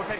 Okay.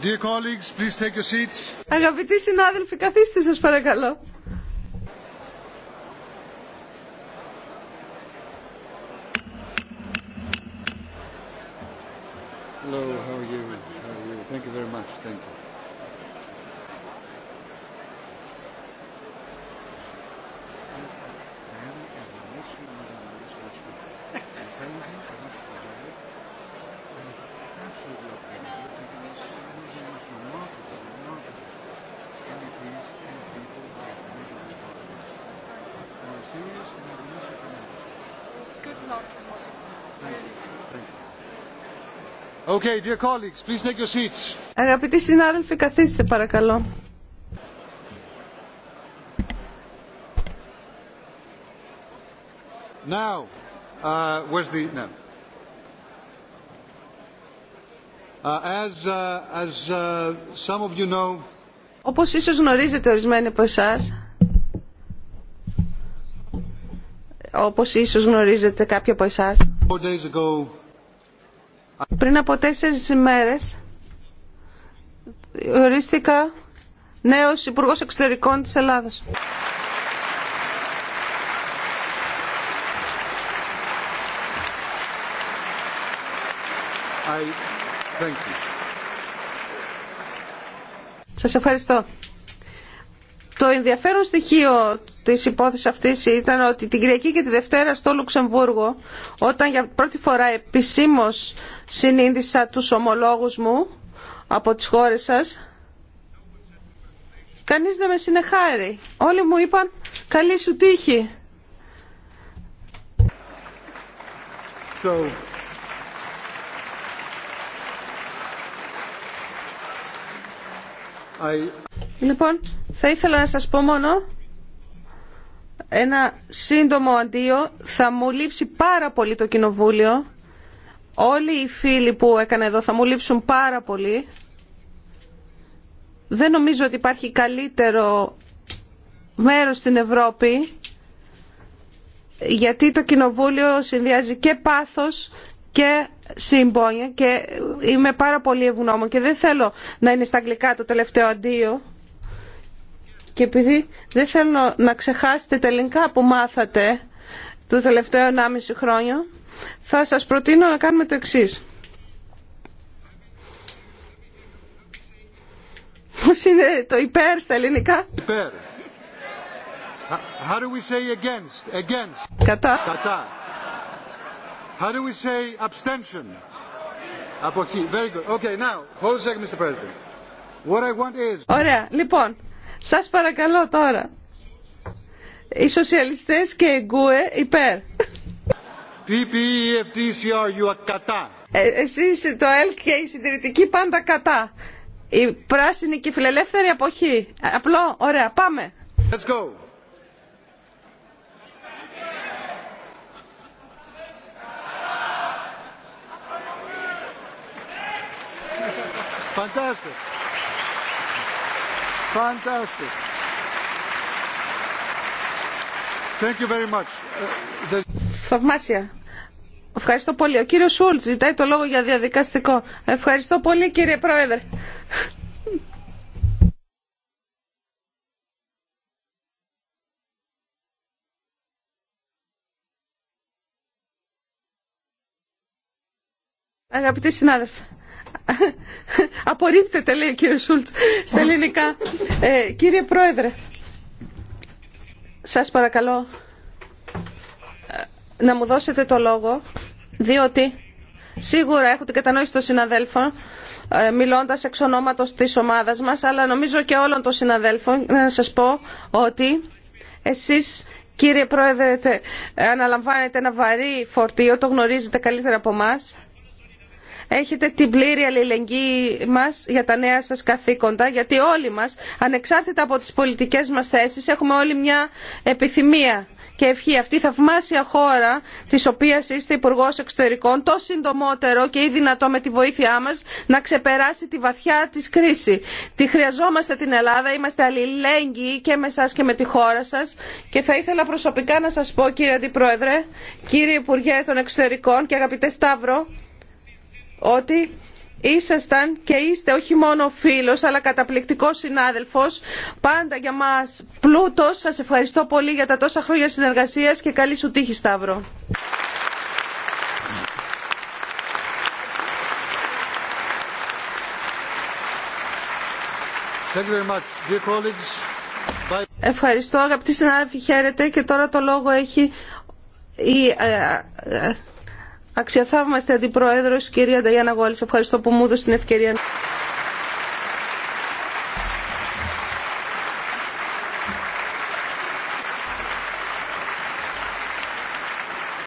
Dear colleagues, please take your seats. Αγαπητοί συνάδελφοι, καθίστε σας παρακαλώ. Okay, dear colleagues, please take your seats. Αγαπητοί συνάδελφοι, καθίστε παρακαλώ. Now, uh, where's the no. Uh, as uh, as uh, some of you know. Όπως ίσως γνωρίζετε ορισμένοι από εσάς, όπως ίσως γνωρίζετε κάποιοι από εσάς. Πριν από τέσσερις ημέρες ορίστηκα νέος Υπουργός Εξωτερικών της Ελλάδος. Σας ευχαριστώ. Το ενδιαφέρον στοιχείο της υπόθεσης αυτής ήταν ότι την Κυριακή και τη Δευτέρα στο Λουξεμβούργο, όταν για πρώτη φορά επισήμω συνείδησα του ομολόγου μου από τι χώρε σας, κανεί δεν με συνεχάρει. Όλοι μου είπαν «Καλή σου τύχη». Λοιπόν, θα ήθελα να σας πω μόνο ένα σύντομο αντίο. Θα μου λείψει πάρα πολύ το κοινοβούλιο. Όλοι οι φίλοι που έκανα εδώ θα μου λείψουν πάρα πολύ. Δεν νομίζω ότι υπάρχει καλύτερο μέρος στην Ευρώπη γιατί το κοινοβούλιο συνδυάζει και πάθος και συμπόνια και είμαι πάρα πολύ ευγνώμων και δεν θέλω να είναι στα αγγλικά το τελευταίο αντίο. Και επειδή δεν θέλω να ξεχάσετε τα ελληνικά που μάθατε το τελευταίο 1,5 χρόνο, θα σας προτείνω να κάνουμε το εξής. Πώς είναι το υπέρ στα ελληνικά? Υπέρ. How do we say against? Against. Κατά. Κατά. How do we say abstention? Αποχή. Very good. Okay, now, hold a second, Mr. President. What I want is... Ωραία. Λοιπόν, σας παρακαλώ τώρα. Οι σοσιαλιστές και εγκούε υπέρ. PPE, κατά. Ε, εσείς το ΕΛΚ και η Συντηρητική πάντα κατά. Η πράσινη και η φιλελεύθερη αποχή. Απλό, ωραία, πάμε. Let's go. Fantastic. Fantastic. Thank you very much. Uh, Ευχαριστώ πολύ. Ο κύριος Σούλτ ζητάει το λόγο για διαδικαστικό. Ευχαριστώ πολύ κύριε Πρόεδρε. Αγαπητοί συνάδελφοι, Απορρίπτεται, λέει ο κύριο Σούλτ στα ελληνικά. Ε, κύριε Πρόεδρε, σας παρακαλώ ε, να μου δώσετε το λόγο, διότι σίγουρα έχω την κατανόηση των συναδέλφων, ε, μιλώντας εξ ονόματο της ομάδας μας, αλλά νομίζω και όλων των συναδέλφων, να σας πω ότι εσείς Κύριε Πρόεδρε, αναλαμβάνετε ένα βαρύ φορτίο, το γνωρίζετε καλύτερα από εμά έχετε την πλήρη αλληλεγγύη μας για τα νέα σας καθήκοντα, γιατί όλοι μας, ανεξάρτητα από τις πολιτικές μας θέσεις, έχουμε όλοι μια επιθυμία και ευχή αυτή η θαυμάσια χώρα της οποίας είστε υπουργό εξωτερικών το συντομότερο και ή δυνατό με τη βοήθειά μας να ξεπεράσει τη βαθιά της κρίση. Τη χρειαζόμαστε την Ελλάδα, είμαστε αλληλέγγυοι και με εσά και με τη χώρα σας και θα ήθελα προσωπικά να σας πω κύριε Αντιπρόεδρε, κύριε Υπουργέ των Εξωτερικών και αγαπητέ Σταύρο ότι ήσασταν και είστε όχι μόνο φίλος αλλά καταπληκτικός συνάδελφος πάντα για μας πλούτος σας ευχαριστώ πολύ για τα τόσα χρόνια συνεργασίας και καλή σου τύχη Σταύρο Ευχαριστώ αγαπητοί συνάδελφοι χαίρετε και τώρα το λόγο έχει η ε, ε, Αξιοθαύμαστε Αντιπρόεδρος, κυρία Νταγιάννα Γουάλης. Ευχαριστώ που μου έδωσε την ευκαιρία.